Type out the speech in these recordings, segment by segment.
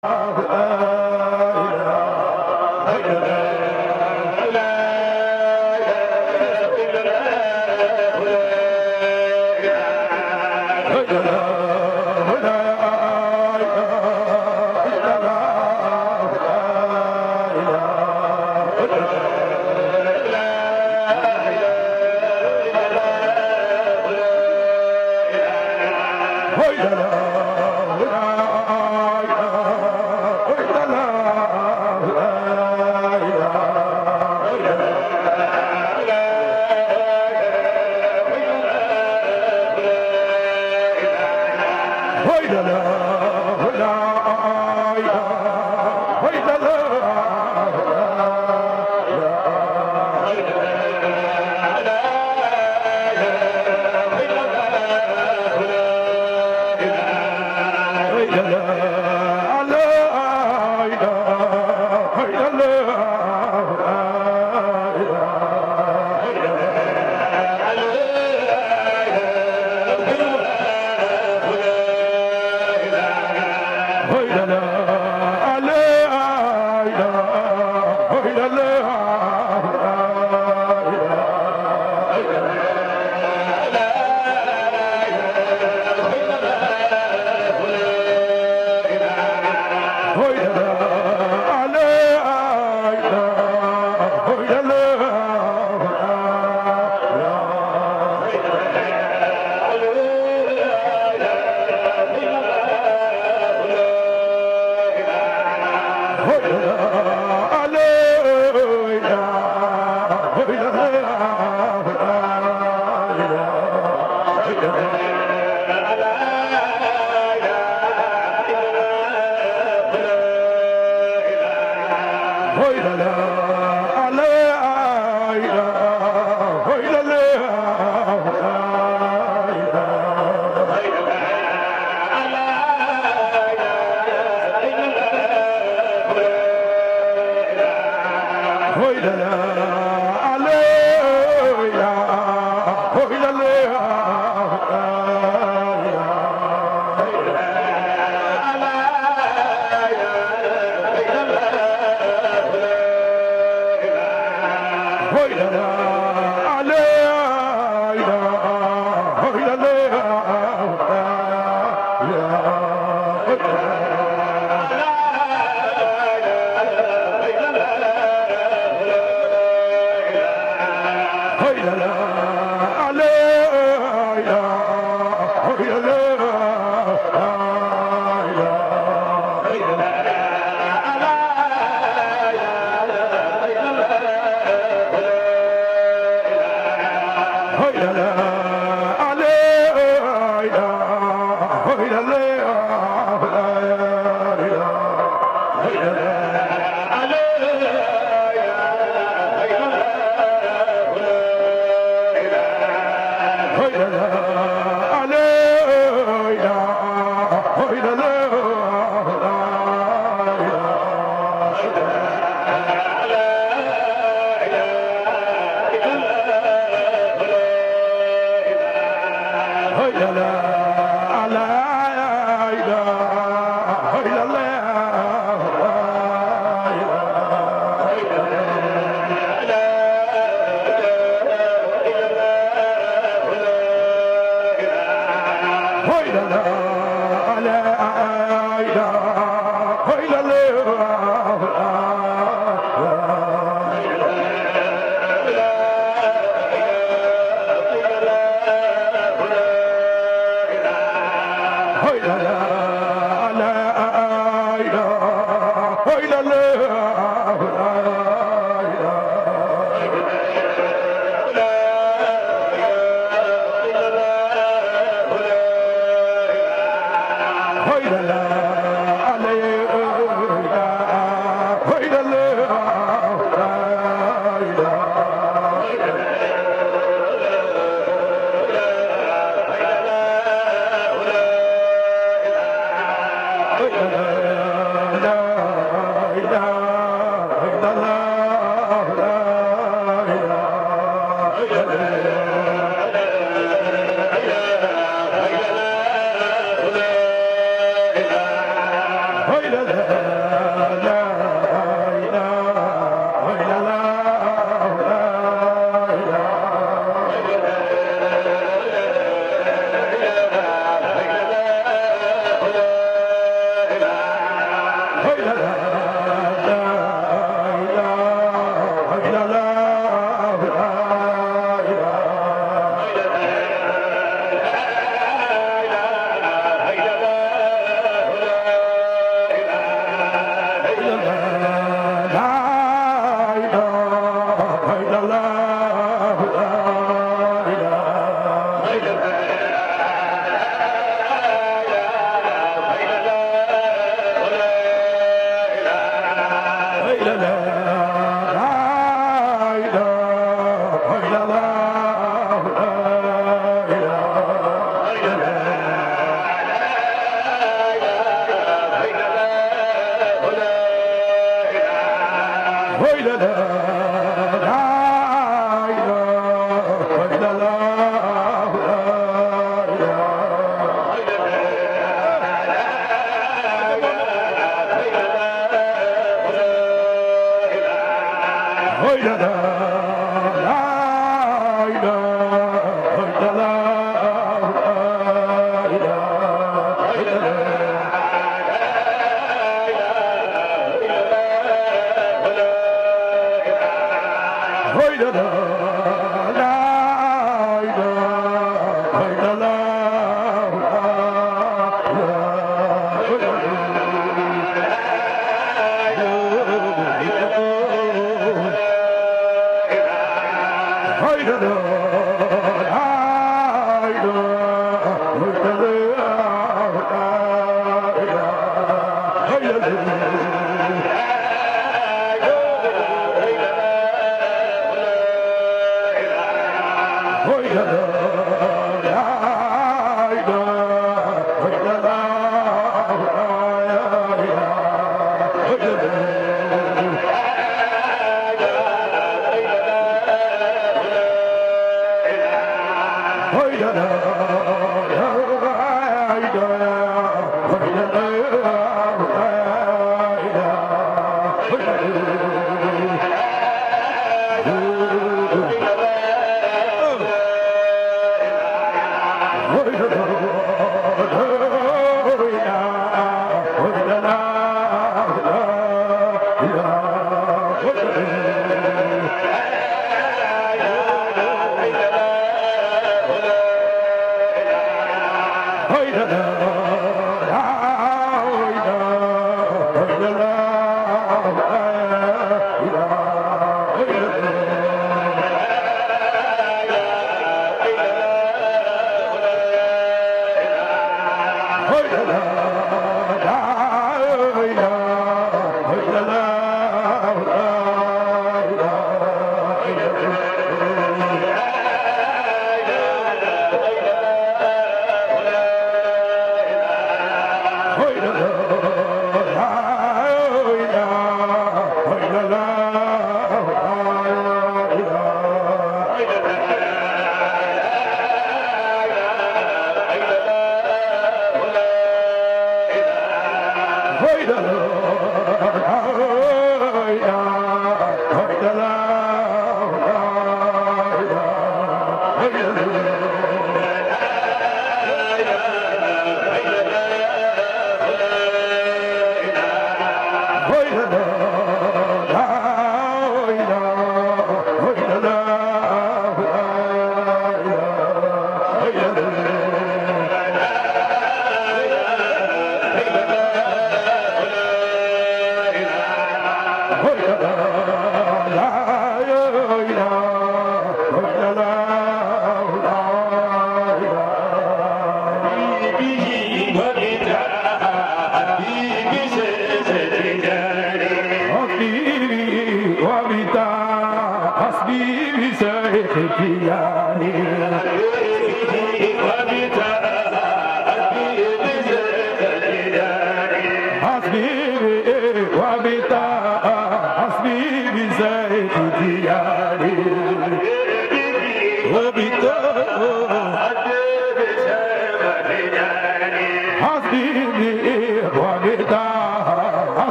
Oh, Hoy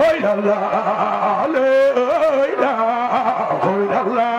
illallah la ilaha illallah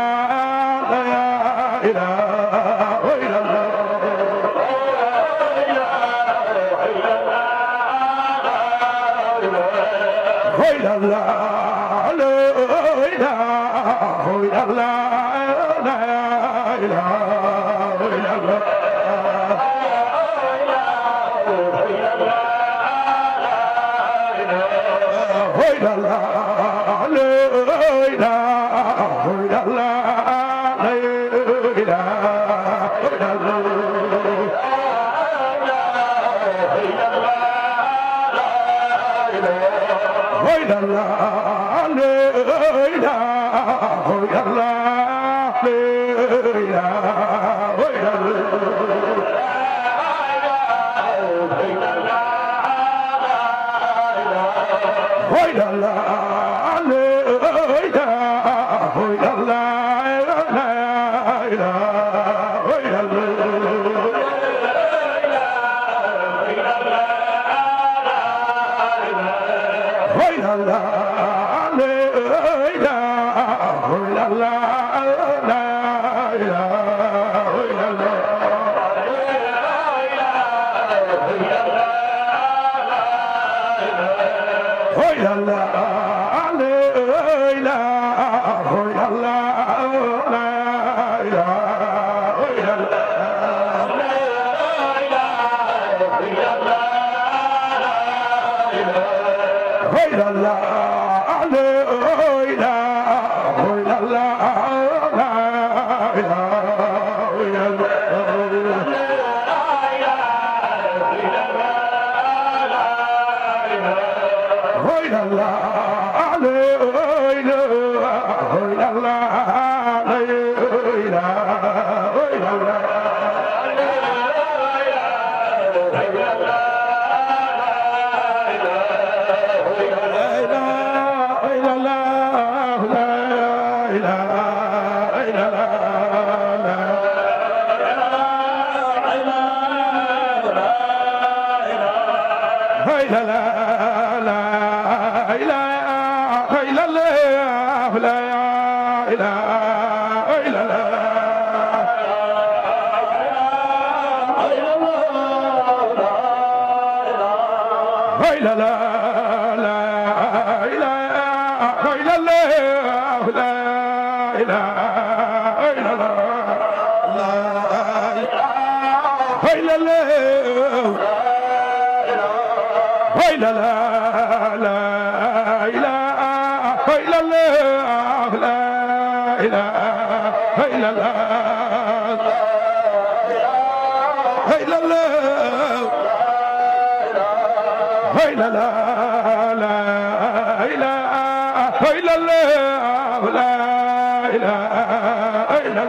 jox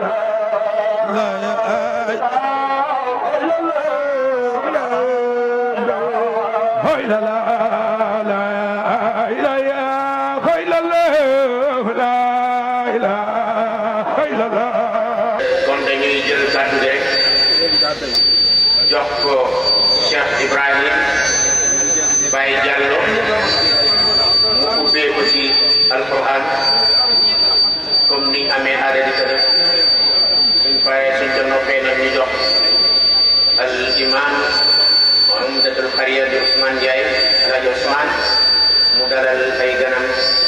ko Cheikh Ibrahim Baye Diallo mu ubbee ko ci alquran comme niñ amee aada di ko def waaye suñ dem ba xëy iman di Usman Ndiaye rajo Usman, mu dalal ganam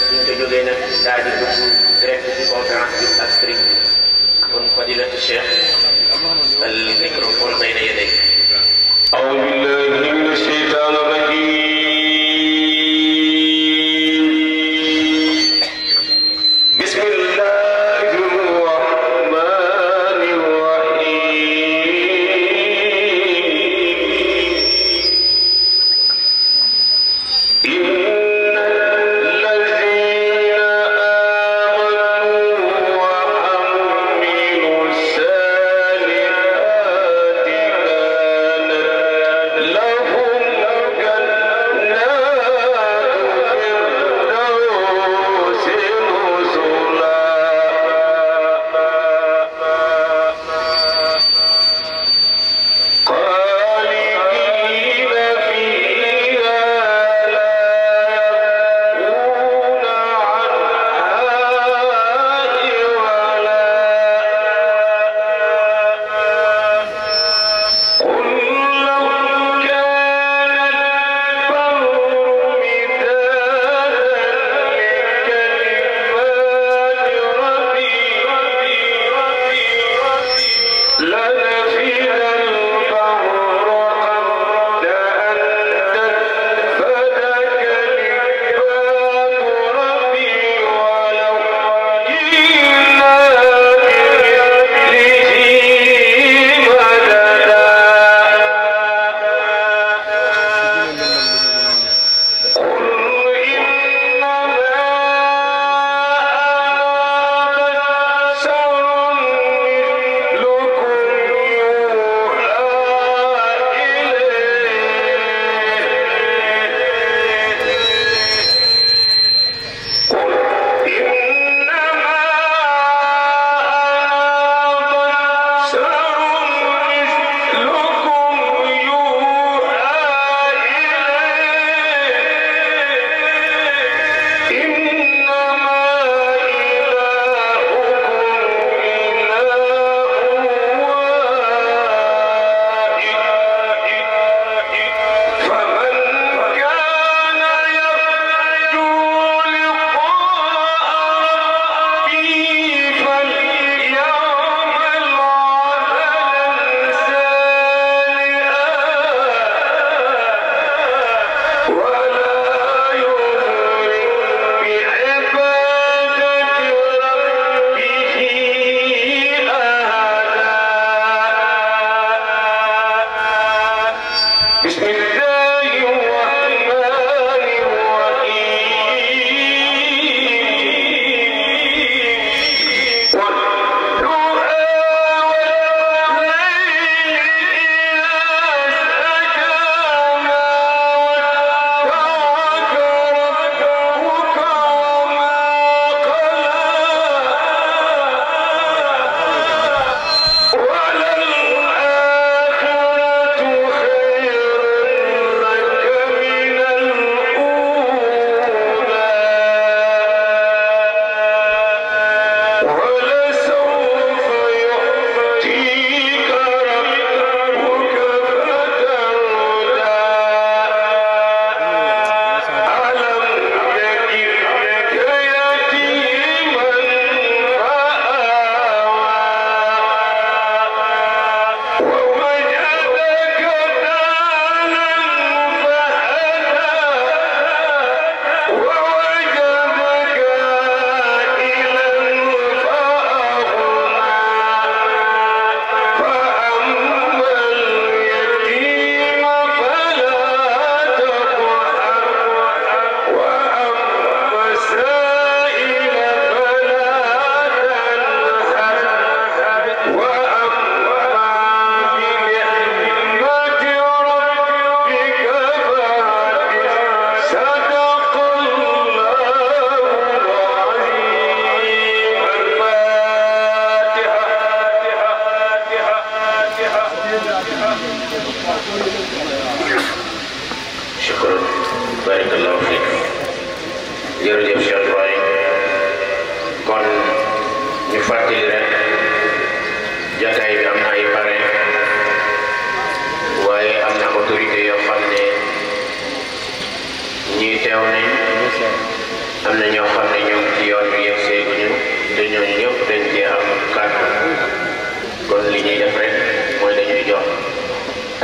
suñ juga jógee nag di dugg direct ci conférence bi ak sëriñ bi kon fadilatu cheikh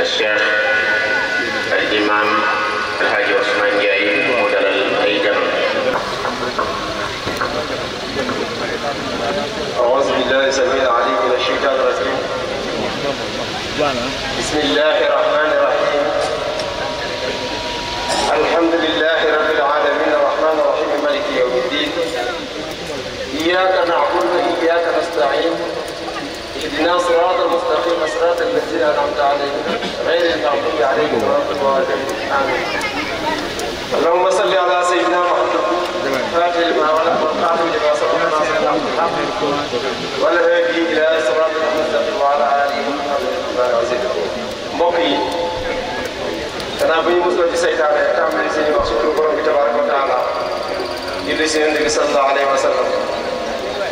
الشيخ الإمام الحاج عثمان جاي مدر الأيجر أعوذ بالله سميع العليم من الشيطان الرجيم بسم الله الرحمن الرحيم الحمد لله رب العالمين الرحمن الرحيم مالك يوم الدين إياك نعبد وإياك نستعين اهدنا صراط المستقيم صراط الذين انعمت عليهم غير المغضوب عليهم ولا الضالين امين اللهم صل على سيدنا محمد فاتح لما ولد والقادم لما سبق ناصر والهادي الى صراط المستقيم وعلى اله وصحبه وسلم mbokk yi danaa bu ñu musloo ci seytaane tàmbali seen wax suñu borom bi tabaraka wa taala julli seen nabi sallallahu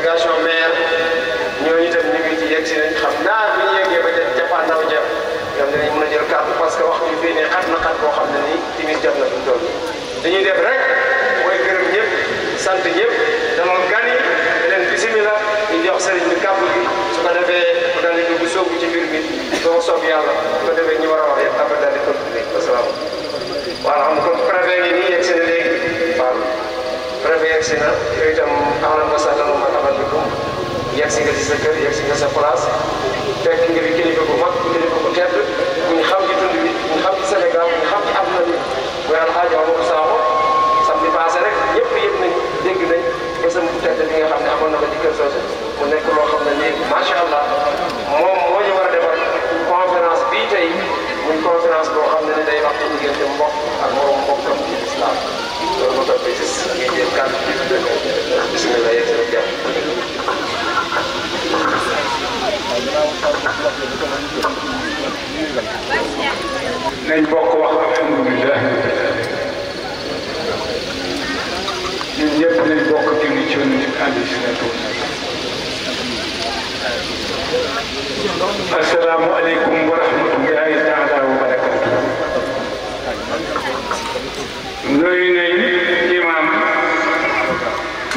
délégation maire ñooñu itam ñu ci yegg si nañ xam naa bu ñu yeggee ba ca cappaandaw ja ñoom dinañ mën jël kàddu parce que wax bi fii ne xat na xat boo xam ne nii jot na dañuy def rek gërëm ñëpp sant ñëpp dama gani leen bisimila ñu jox sëriñ bi kàddu bi su ko di dugg sóobu ci mbir mi soo soob yàlla ko defee ñu war wax yëpp préfet yegg si na yooyu itam ahlan wa sahlan wa marhaban bikum yegg si nga ci sa kër yegg si nga sa place fekk nga fi kilifa bu mag kilifa bu tedd bu ñu xam ci tund bi bu ñu xam ci Sénégal bu ñu xam ci àdduna bi muy alxaaji Amadou Sakho samedi passé rek ñëpp yëpp nañ dégg nañ bésam bu tedd bi nga xam ne amoon na ko ci kër soosu mu nekk loo xam ne nii macha allah moom moo ñu war a defar conférence bii tey muy conférence boo xam ne ne day wax ci diggante mbokk ak borom mbokkam ci islam loolu moo tax ba gis ngeen jël kàddu bi di dëkk bisimilah yéen seen jàpp. nañ bokk wax alhamdulilah ñun ñëpp nañ bokk julli ci yoon nit andi si na tuuti السلام عليكم ورحمة الله تعالى nuyu nañ imaam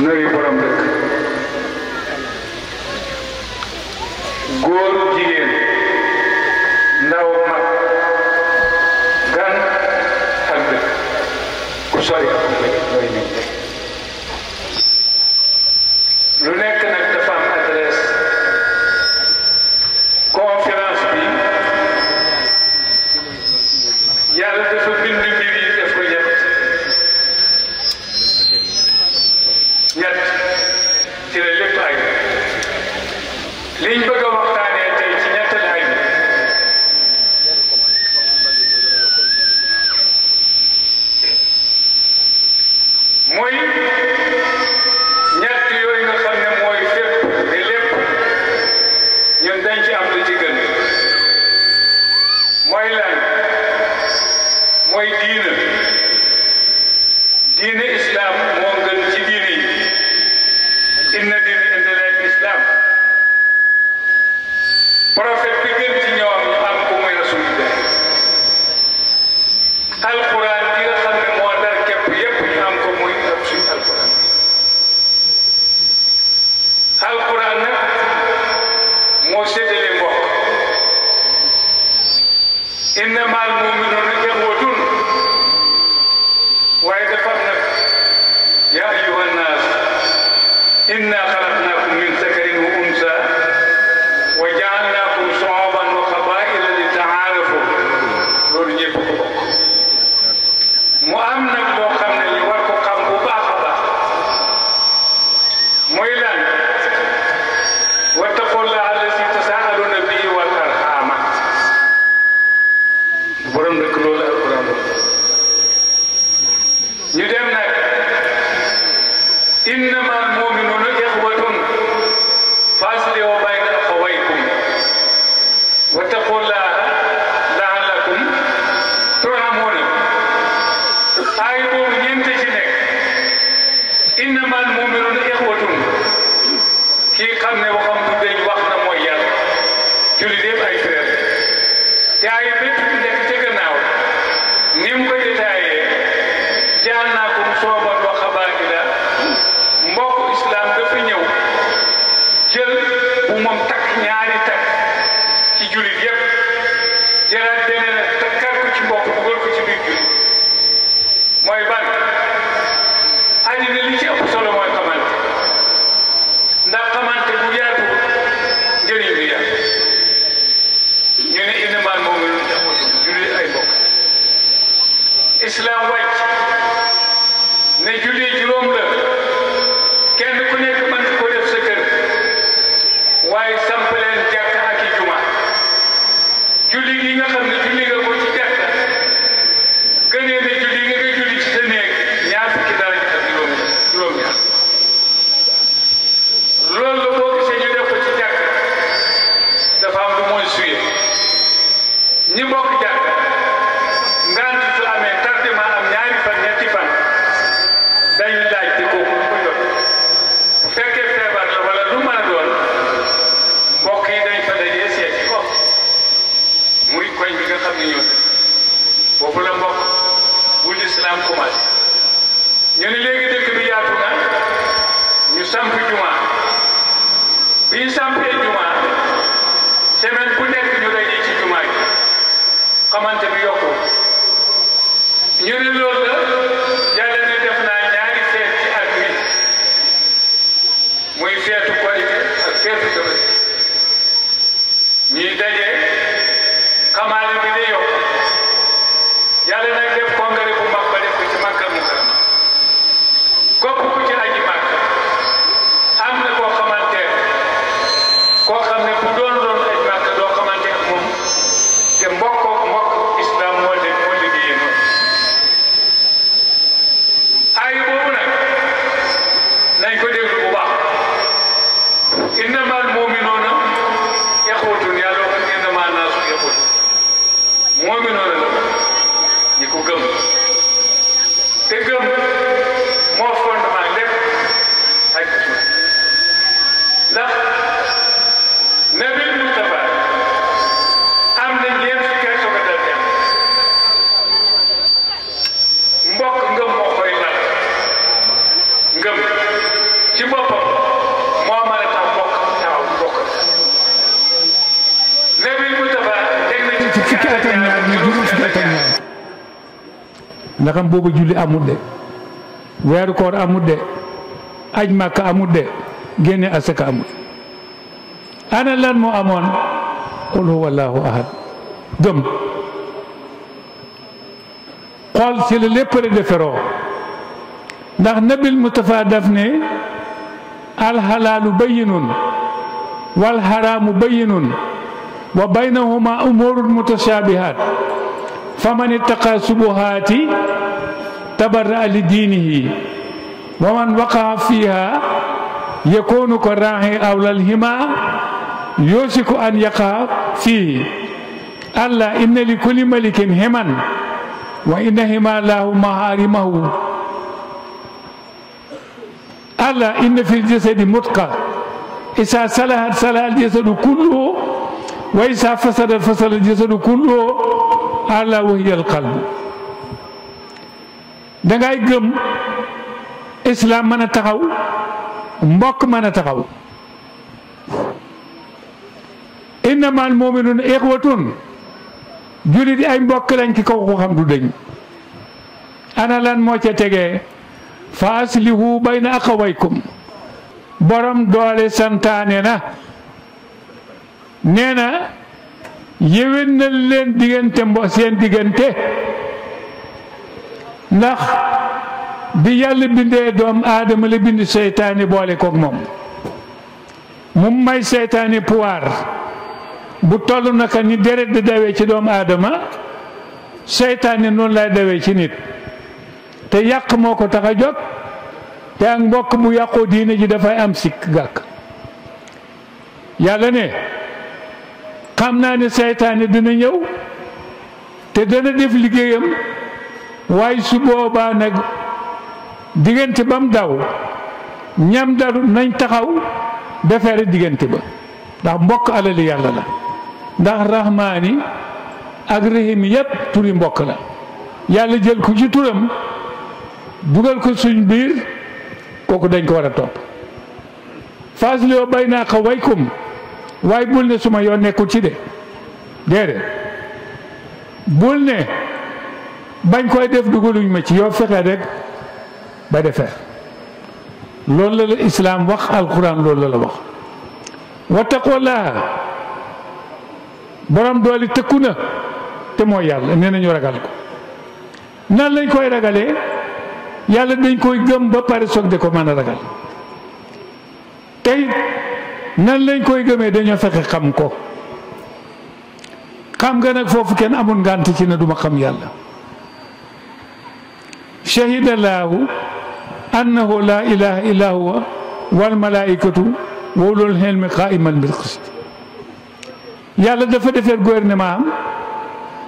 nuyu borom dëkk góor jigéen Policía de tu boobu julli amut de weeru koor amut de aj màkka amut de génne asaka amut ana lan moo amoon qul huwa allahu ahad gëm xool si la lépp la deferoo ndax nabil mustafa daf ne alxalaalu bayinun walxaraamu bayinun wa baynahuma umurun mutashaabihaat fa man ittaqa subuhaati تبرأ لدينه ومن وقع فيها يكون كراهي أو للهما يوشك أن يقع فيه ألا إن لكل ملك هما وإن هما له محارمه ألا إن في الجسد متقى إذا سلحت سلح الجسد كله وإذا فسد فسد الجسد كله ألا وهي القلب dangay gëm islaam mën a taxaw mbokk mën a taxaw na innama al muminun ixwatun jullit yi ay mbokk lañ ci kaw ko xam du dëñ ana lan moo ca tegee fa aslihu bayna axawaykum borom doole santaane na nee na yéwén na leen diggante mbo seen diggante ndax bi yàlla bindee doom aadama la bind seytaane boole koog moom mu may seytaane pouvoir bu toll naka ni deret di dawee ci doomu aadama seytaane noonu lay dawee ci nit te yàq moo ko tax a jot te ak mbokk bu yàqoo diine ji dafay am sikk gàkk yàlla ne xam naa ni seytaane dina ñëw te dana def liggéeyam waaye su boobaa nag diggante ba mu daw ñam daru nañ taxaw defeere diggante ba ndax mbokk alali yàlla la ndax rahmaani ak rahim yépp turi mbokk la yàlla jël ko ci turam dugal ko suñ biir kooku dañ ko war a topp fasloo bay naa ko waykum waaye bul ne suma yoon nekkul ci de déedéet bul ne bañ koy def dugaluñ ma ci yow fexe rek ba defee loolu la la islaam wax alquran loolu la la wax wattaqullaha borom yi tëkku na te mooy yàlla nee nañu ragal ko nan lañ koy ragalee yàlla dañ koy gëm ba pare soog de ko mën a ragal tey nan lañ koy gëmee dañoo fexe xam ko xam nga nag foofu kenn amul ngànt ci ne duma xam yàlla shahida laahu annahu laa ilaha illa huwa wal malaikatu wa ulul ilmi qaiman bil qist yàlla dafa defar gouvernement am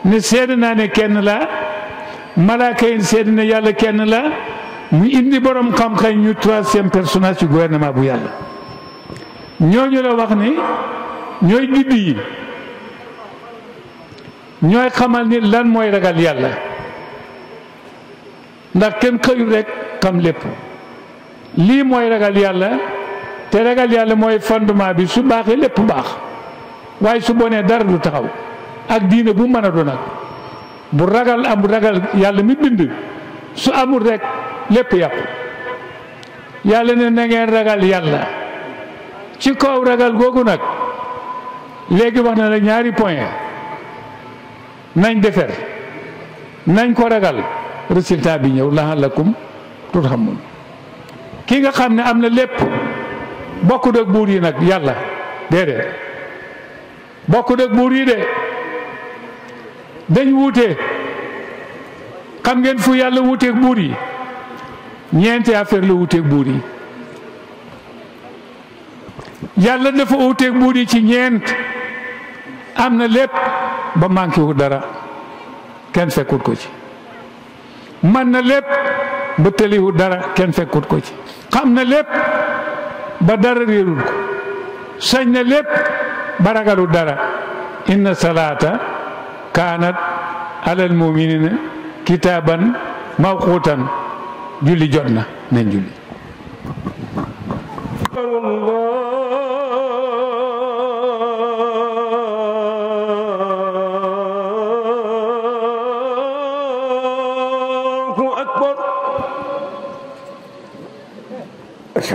ne seede naa ne kenn la malaaka yi seede ne yàlla kenn la mu indi borom xam-xam ñu troisième personnage ci gouvernement bu yàlla ñooñu la wax ni ñooy judd yi ñooy xamal ni lan mooy ragal yàlla ndax kenn xëyul rek xam lépp lii mooy ragal yàlla te ragal yàlla mooy fondement bi su baaxee lépp baax waaye su bonee dara du taxaw ak diine bu mën a doon nag bu ragal am ragal yàlla mi bind su amul rekk lépp yàpp yàlla ne na ngeen ragal yàlla ci kaw ragal googu nag léegi wax na la ñaari point nañ defer nañ ko ragal résultat bi ñëw laalakum turhamun ki nga xam ne am na lépp bokkut ak buur yi nag yàlla déedéet bokkut ak buur yi de dañ wuute xam ngeen fu yàlla wuute buur yi ñeenti affaire la wuute buur yi yàlla dafa wuuteeg buur yi ci ñeent am na lépp ba manqué wu dara kenn fekkut ko ci man na lépp ba tëliwu dara kenn fekkut ko ci xam na lépp ba dara réerul ko sañ na lépp ba ragalu dara inna salaata kaanat alal muminina kitaaban mawquutan julli jot na nañ julli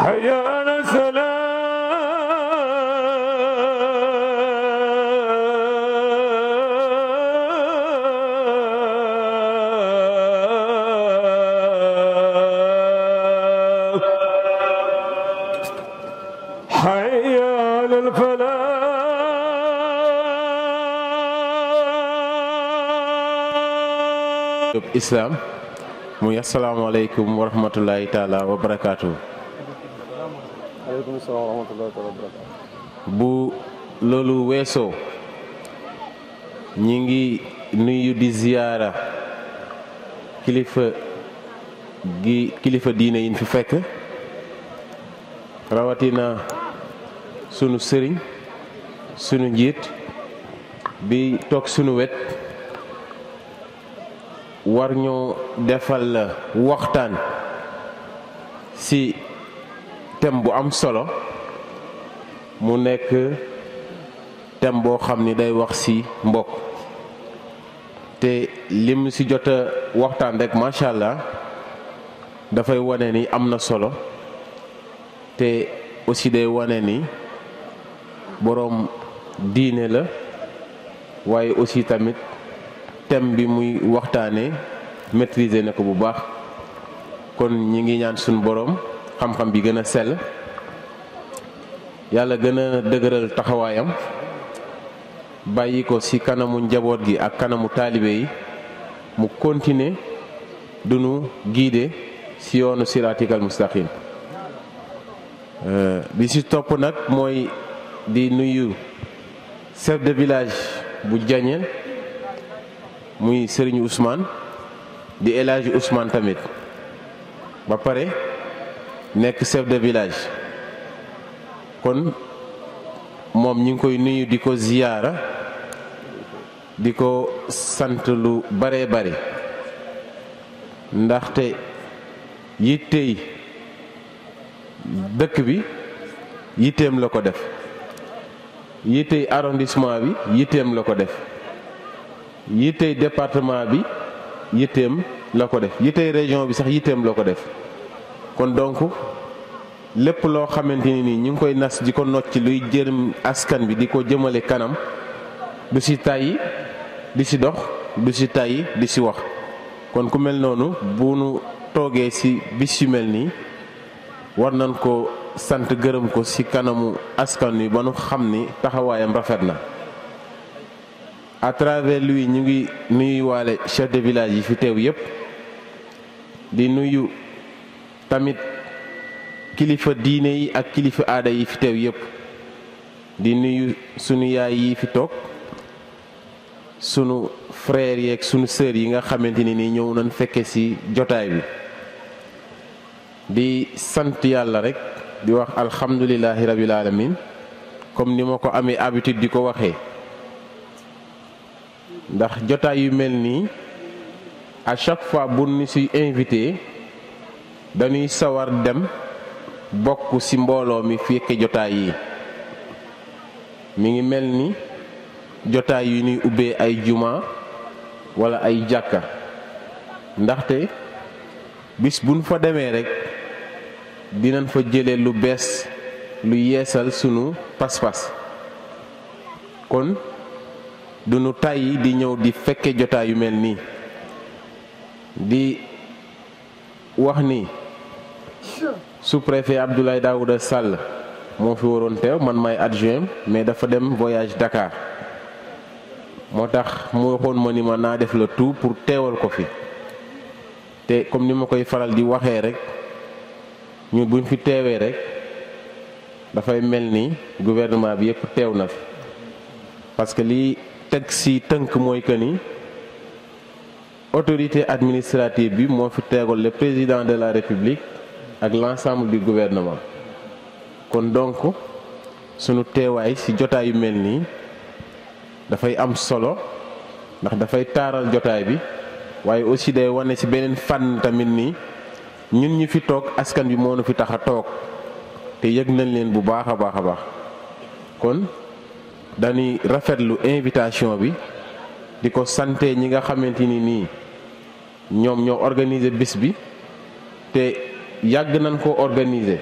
حيانا سلام حي على الفلاح islam muy asalaamaaleykum wa rahmatulahi taala wa barakaatu waaleykum bu loolu weesoo ñi ngi nuyu di ziyaara kilifa gi kilifa diine yi fi fekk rawatina sunu sëriñ sunu njiit bi toog sunu wet war ñoo defal waxtaan ci thème bu am solo mu nekk thème boo xam ni day wax ci mbokk te lim ci jot waxtaan rek macha allah dafay wane ni am na solo te aussi day wane ni boroom diine la waaye aussi tamit thème bi muy waxtaanee maîtriser na ko bu baax kon ñi ngi ñaan suñu boroom. xam-xam bi gën a sell yàlla gën a dëgëral taxawaayam bàyyi ko ci kanamu njaboot gi ak kanamu taalibe yi mu continuer du nu guider ci yoonu siraatikal mustaqim euh, bi ci topp nag mooy di nuyu chef de village bu Diagnel muy sëriñu Ousmane di El Hadji tamit ba pare. nekk chef de village kon moom ñu ngi koy nuyu di ko ziyaara di ko sant lu bare bare ndaxte yittey dëkk bi yitteem la ko def yittey arrondissement bi yitteem la ko def yittey département bi yitteem la ko def yittey région bi sax yitteem la ko def kon donc lépp loo xamante ni nii ñu ngi koy nas di ko nocc luy jërëm askan bi di ko jëmale kanam du si tàyyi di ci dox du ci tàyyi di si wax kon ku mel noonu bu nu toogee si bis yu mel nii war nañ ko sant gërëm ko si kanamu askan wi ba nu xam ni taxawaayam rafet na à travers lui ñu ngi nuyuwaale chef de village yi fi teew yépp di nuyu tamit kilifa diine yi ak kilifa aada yi fi teew yépp di nuyu sunu yaay yi fi toog sunu frères yeeg sunu sœurs yi nga xamante ni nii ñëw nañ fekkee ci jotaay bi di sant yàlla rek di wax alhamdulilahi rabil alamin comme ni ma ko amee habitude di ko waxee ndax jotaay yu mel nii à chaque fois bu ñu ci invité dañuy sawar dem bokk ci mbooloo mi fekke jotaay yi mi ngi mel ni jotaay yu ñuy ubbee ay jumaa wala ay jàkka ndaxte bis buñ fa demee rekk dinañ fa jëlee lu bees lu yeesal sunu pas-pas kon nu tàyyi di ñëw di fekke jotaay yu mel nii di wax ni sous-préfet Abdoulaye Daouda Sall mon fi adjoint mais dafa dem voyage Dakar motax mo de le tout pour ko comme faral di rek gouvernement bi parce que li taxi si autorité administrative bi mo le président de la république ak l'ensemble du gouvernement kon donc sunu teewaay ci jotaay yu mel am solo ndax dafay taaral jotaay bi wai aussi day wane ci fan fànn tamit nii ñun ñi fi askan bi moo nu fi tax te nañ leen bu baax a baax kon dani rafetlu invitation bi di ko sante ñi nga xamante ni nii ñoo organiser bis bi te yàgg nañ ko organiser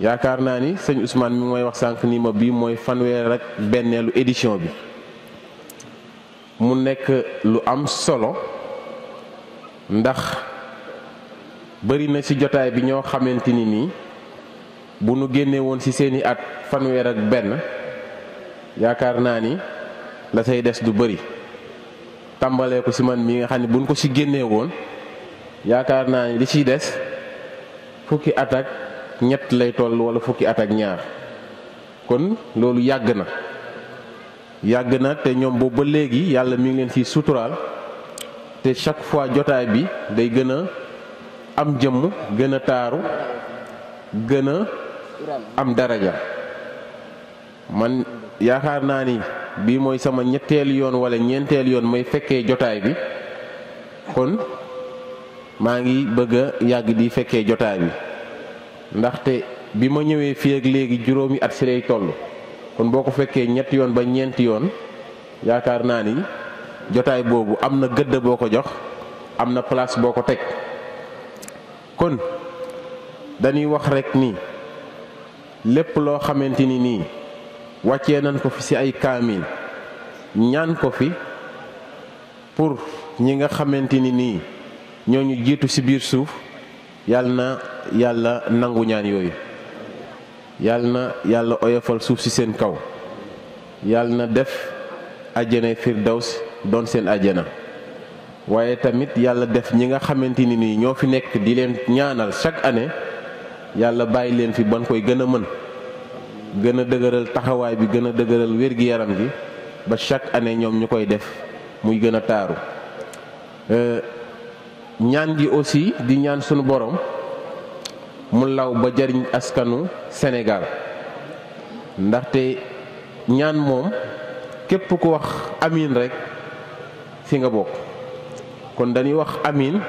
yaakaar naa ni sëñ Ousmane mi mooy wax sànq niima ma bii mooy fanweer ak benneelu édition bi mu nekk lu am solo ndax bëri na ci jotaay bi ñoo xamante ni nii bu nu génne woon ci seeni at fanweer ak benn yaakaar naa ni la say des du bari tàmbalee ko ci man mi nga xam ne buñ ko ci génnee woon. yaakaar naa ni li ciy des fukki at ak ñett lay toll wala fukki at ak ñaar kon loolu yàgg na yàgg na te ñoom boobu ba léegi yàlla mi ngi leen ci suturaal te chaque fois jotaay bi day gën a am jëmm gën a taaru gën a am daraja man yaakaar naa ni bii mooy sama ñetteel yoon wala ñeenteel yoon may fekkee jotaay bi kon maa ngi bëgg a yàgg di fekkee jotaay bi ndaxte bi ma ñëwee fii ak léegi juróomi at si lay toll kon boo ko fekkee ñetti yoon ba ñeenti yoon yaakaar naa ni jotaay boobu am na gëdd boo ko jox am na place boo ko teg kon dañuy wax rekk nii lépp loo xamante ni nii wàcce nañ ko fi ci ay kaamil ñaan ko fi pour ñi nga xamante ni nii ñooñu jiitu ci biir suuf yàlla na yàlla nangu ñaan yooyu yàlla na yàlla oyofal suuf ci seen kaw yàlla na def àjjana firdaws doon seen àjjana waaye tamit yàlla def ñi nga xamante ni nii ñoo fi nekk di leen ñaanal chaque année yàlla bàyyi leen fi ban koy gën a mën gën a dëgëral taxawaay bi gën a dëgëral wér-gi-yaram gi ba chaque année ñoom ñu koy def muy gën a taaru euh, ñaan gi aussi di ñaan suñu borom mu law ba jariñ askanu Sénégal té ñaan mom képp ku wax amin rek fi nga bok kon dañuy wax amin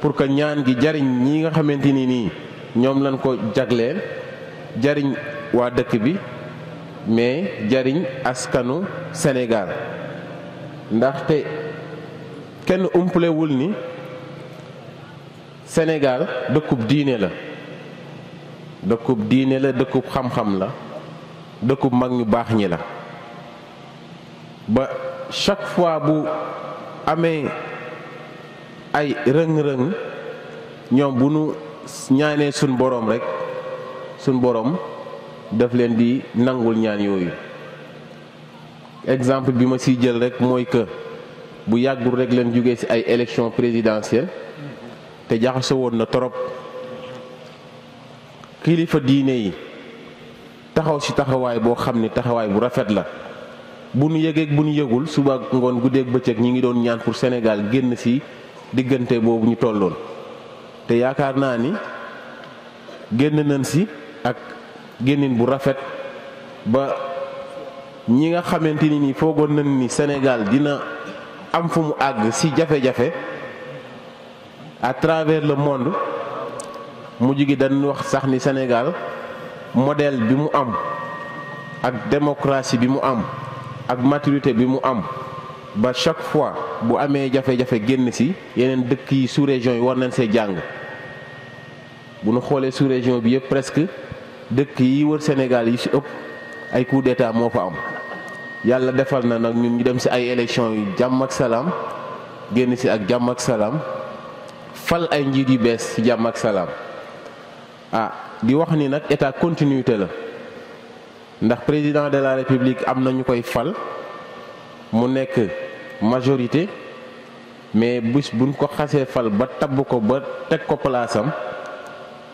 pour que ñaan gi jariñ ñi nga xamanteni ni ñom lañ ko jaglé jariñ wa dëkk bi mais jariñ askanu Sénégal té kenn wul ni Sénégal coup diine la dëkkub la xam-xam la mag ñu ñi là. ba chaque fois bu nous ay ring, rëng nous bu des ñaanee suñ boroom rekk suñ nous nangul exemple que bu ay élection présidentielle te jaxase won na torop khalifa diine yi taxaw ci taxaway bo xamni ni bu rafet la bu nu yëgeeg bu nu yëgul suba ngoon guddeeg bëccëg ñi ngi doon ñaan pour senegal genn ci diggante bobu ñu tollon te yaakar na ni genn nañ ci ak gennin bu rafet ba ñi nga xamanteni ni fogon nañ ni Senegal dina am fu mu ag ci jafe-jafe à travers le monde mujj gi dañu wax sax ni senegal modèle bi mu am ak démocratie bi mu am ak maturité bi mu am ba chaque fois bu amee jafe-jafe génn si yeneen dëkk yi sous-région yi war nañ see jàng bu nu xoolee sous-région bi yëpp presque dëkk yi wër Sénégal yi si ëpp ay coup d'état moo fa am yàlla defal na nag ñun ñu dem si ay élection yu jàmm ak salaam génn si ak jàmm ak salaam. fal ay njiit yu bees ak salaam ah di wax ni nak état continuité la ndax président de la république amna ñukoy fal mu nekk majorité mais bis buñ ko xasee fal ba tabb ko ba tek ko palaasam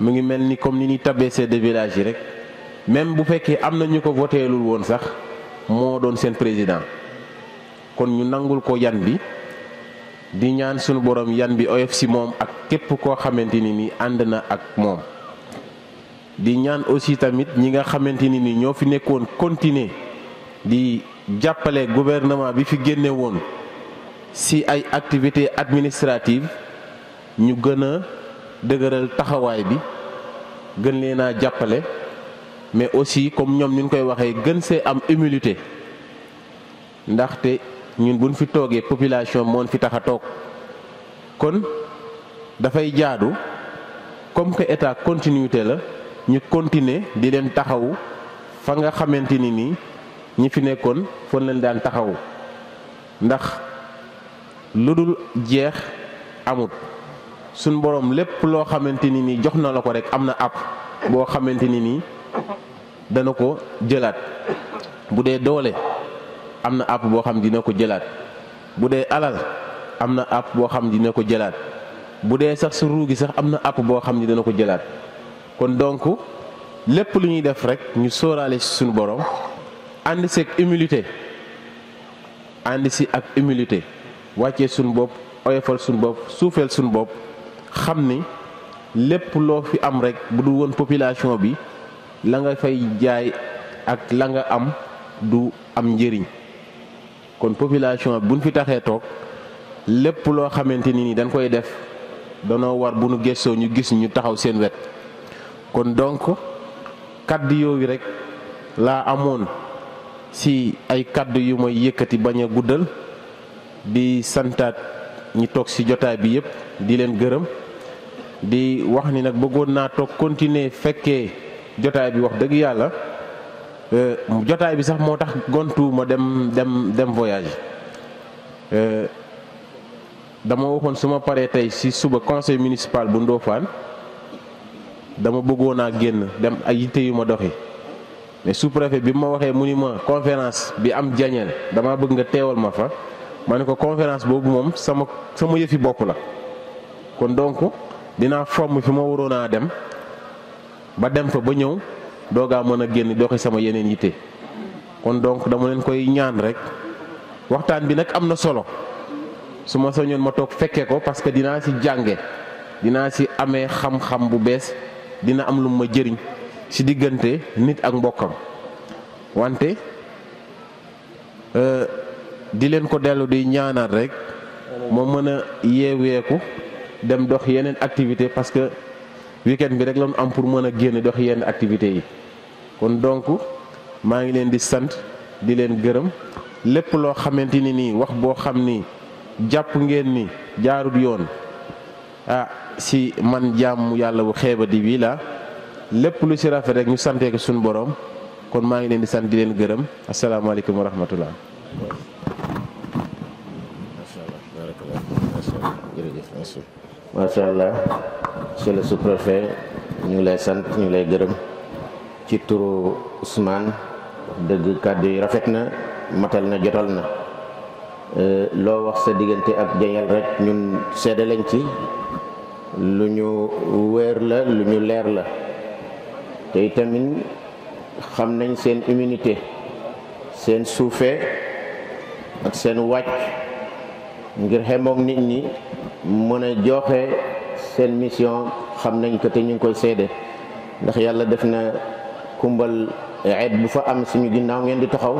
mu ngi melni comme ni ni tabee de village yi rek même bu fekkee amna na ñu ko voteelul sax mo doon sen président kon ñu nangul ko yandi. di ñaan sunu borom yan bi oyof si moom ak képp koo xamante ni ni ànd na ak moom. di ñaan aussi tamit ñi nga xamante ni ni ñoo fi nekkoon continuer di jàppale gouvernement bi fi génne woon si ay activités administratives ñu gën a dëgëral taxawaay bi gën leen a jàppale mais aussi comme ñoom ñu koy waxee gën see am humilité ndaxte. ñun bu buñ fi toogee population moon fi tax a toog kon dafay jaadu comme que état continuité la ñu continuer di leen taxawu fa nga xamante ni nii ñi fi nekkoon fon leen daan taxawu ndax lu dul jeex amut suñ borom lépp loo xamante ni nii jox na la ko rek am na ab boo xamante ni nii dana ko jëlaat bu dee doole am na àpp boo xam dina ko jëlaat bu dee alal am na àpp boo xam dina ko jëlaat bu dee sax su ruugi sax am na àpp boo xam ni dina ko jëlaat kon donc lépp lu ñuy def rek ñu sóoraale si suñu borom ànd si ak humilité ànd si ak humilité wàccee suñu bopp oyofal suñu bopp suufeel suñu bopp xam ni lépp loo fi am rek bu du woon population bi la nga fay jaay ak la nga am du am njëriñ kon population buñ fi taxee toog lépp loo xamante ni ni dañ koy def danoo war bu nu gëstoo ñu gis ñu taxaw seen wet kon donc kaddu yooyu rek laa amoon si ay kaddu yu mooy yëkkati bañ a guddal di santaat ñi toog si jotaay bi yëpp di leen gërëm di wax ni nag bëggoon naa toog continuer fekkee jotaay bi wax dëgg yàlla. Euh, jotaay bi sax moo tax gontu ma dem dem dem voyage euh, dama waxoon su ma paree tey si suba conseil municipal bu Ndofane dama bëggoon a génn dem ay yitte ma doxi mais sous préfet bi ma waxee mu ni ma conférence bi am jañeel dama bëgg nga teewal ma fa ma ne ko conférence boobu moom sama sama yëfi bopp la kon donc dinaa fomm fi ma waroon a dem ba dem fa ba ñëw. doga mën genn génn sama yenen yité kon donc dama len koy ñaan rek waxtaan bi nak amna solo suma ma soñoon ma tok fekke ko parce que dina ci jangé dina si amé xam-xam bu bes dina am lu ma jëriñ ci digënté nit ak wanté wante euh, di len ko delu di ñaanal rek mo mën a dem dox yenen activité parce que weekend bi rek lañu am pour mën genn dox yenn activité yi kon donc maa ngi leen di sant di leen gërëm lépp loo xamante ni nii wax boo xam ni jàpp ngeen ni jaarut yoon a ah, si man jàmm yàlla bu di bii la lépp lu ci rafet rek ñu santee ko suñu borom kon maa ngi leen di sant di leen gërëm asalaamaaleykum wa rahmatullah macha allah monsieur le sous ñu ngi lay sant ñu lay gërëm ci turu Ousmane dëgg kàddu yi rafet na matal na jotal na euh, loo wax sa diggante ak Diengel rek ñun seede lañ ci lu ñu wéer la lu ñu leer la te itamit xam nañ seen immunité seen suufe ak seen wàcc ngir xemoog nit ñi mën a joxe seen mission xam nañ ko te ñu ngi koy seede ndax yàlla def na kumbal xeet bu fa am suñu ginnaaw ngeen di taxaw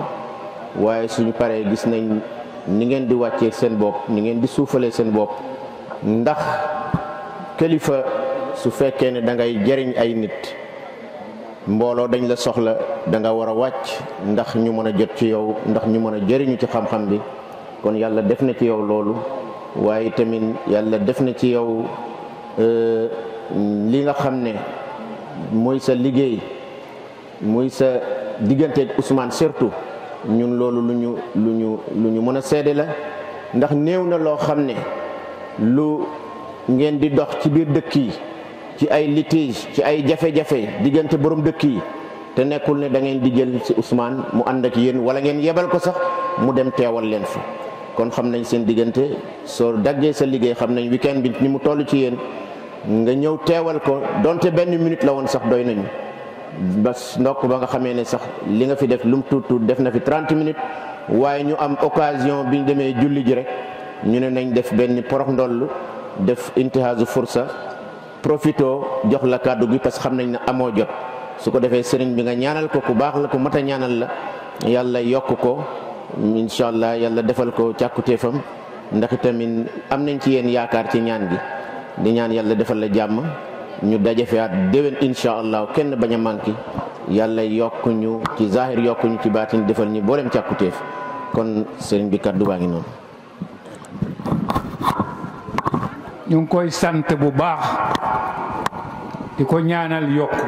waaye suñu paree gis nañ ni ngeen di wàccee seen bopp ni ngeen di suufalee seen bopp ndax kilifa su fekkee ne dangay jariñ ay nit mbooloo dañ la soxla danga nga war a wàcc ndax ñu mën a jot ci yow ndax ñu mën a jëriñu ci xam-xam bi kon yàlla def na ci yow loolu waaye tamit yàlla def na ci yow euh, li nga xam ne mooy sa liggéey muy sa digganteeg Ousmane surtout ñun loolu lu ñu lu ñu lu ñu mën a seede la ndax néew na loo xam ne lu ngeen di dox ci biir dëkk yi ci ay litige ci ay jafe-jafe diggante borom dëkk yi te nekkul ne da ngeen di jël ci Ousmane mu ànd ak yéen wala ngeen yebal ko sax mu dem teewal leen fa kon xam nañ seen diggante soo daggee sa liggéey xam nañ kenn bi ni mu toll ci yéen nga ñëw teewal ko donte benn minute la woon sax doy nañu. ba ndokk ba nga xamee ne sax li nga fi def lum tuut tuut def na fi 30 minutes waaye ñu am occasion bi ñu demee julli ji rek ñu ne nañ def benn porox ndoll def intihaasu fursa profito jox la kàddu gi parce que xam nañ ne amoo jot su ko defee sëriñ bi nga ñaanal ko ku baax la ku mat a ñaanal la yàlla yokk ko incha allah yàlla defal ko càkkutéefam ndax itamit am nañ ci yéen yaakaar ci ñaan gi di yàlla defal la jàmm. ñu daje fi at déwén incha allah kenn bañ a manqué yàlla yokk ñu ci zahir yokk ñu ci baatin defal ñu boolem càkkutéef kon sëriñ bi kaddu baa ngi noonu. ñu ngi koy sant bu baax di ko ñaanal yokku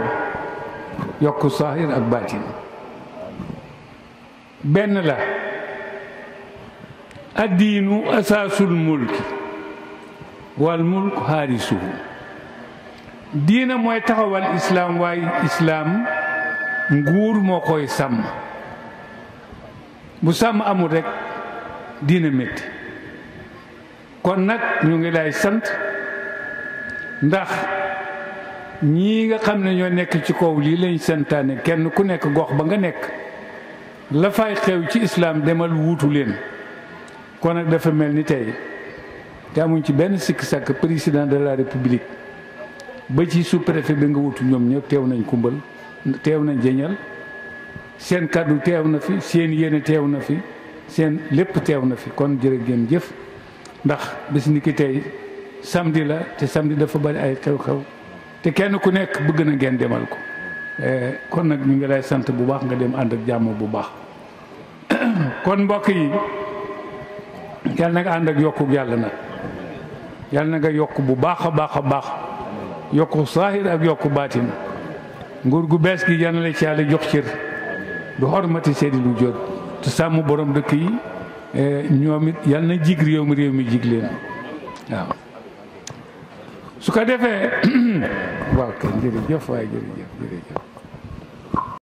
yokku zahir ak baatin benn la addiinu asaasul mulki wal mulk haarisuhu diina mooy taxawal islaam waaye islaam nguur moo koy sàmm bu sàmm amul rekk diina metti kon nag ñu ngi lay sant ndax ñii nga xam ne ñoo nekk ci kaw lii lañ santaane kenn ku nekk gox ba nga nekk la xew ci islaam demal wuutu leen kon nag dafa mel ni tey te amuñ ci benn sikk sàkk président de la république ba ci sous-préfet bi nga wutu ñoom ñëpp teew nañ kumbal teew nañ jëñal seen kàddu teew na fi seen yéene teew na fi seen lépp teew na fi kon jërë ngeen jëf ndax bis ni ki tey samedi la te samedi dafa bari ay xew-xew te kenn ku nekk bëgg na ngeen demal ko eh, kon nag ñu ngi lay sant bu baax nga dem ànd ak jàmm bu baax kon mbokk yi yal nag ànd ak yokku yàlla nag yal na yokk bu baax a baax a baax yokk saahir ak yokku baatin nguur gu bees gi yal na la ci yàlla jox cër du xormati seedi lu jot te sàmm borom dëkk yi e, ñoom it yal na jig réew mi jigleen mi su ko defee waaw kay jërëjëf waaye jërëjëf jërëjëf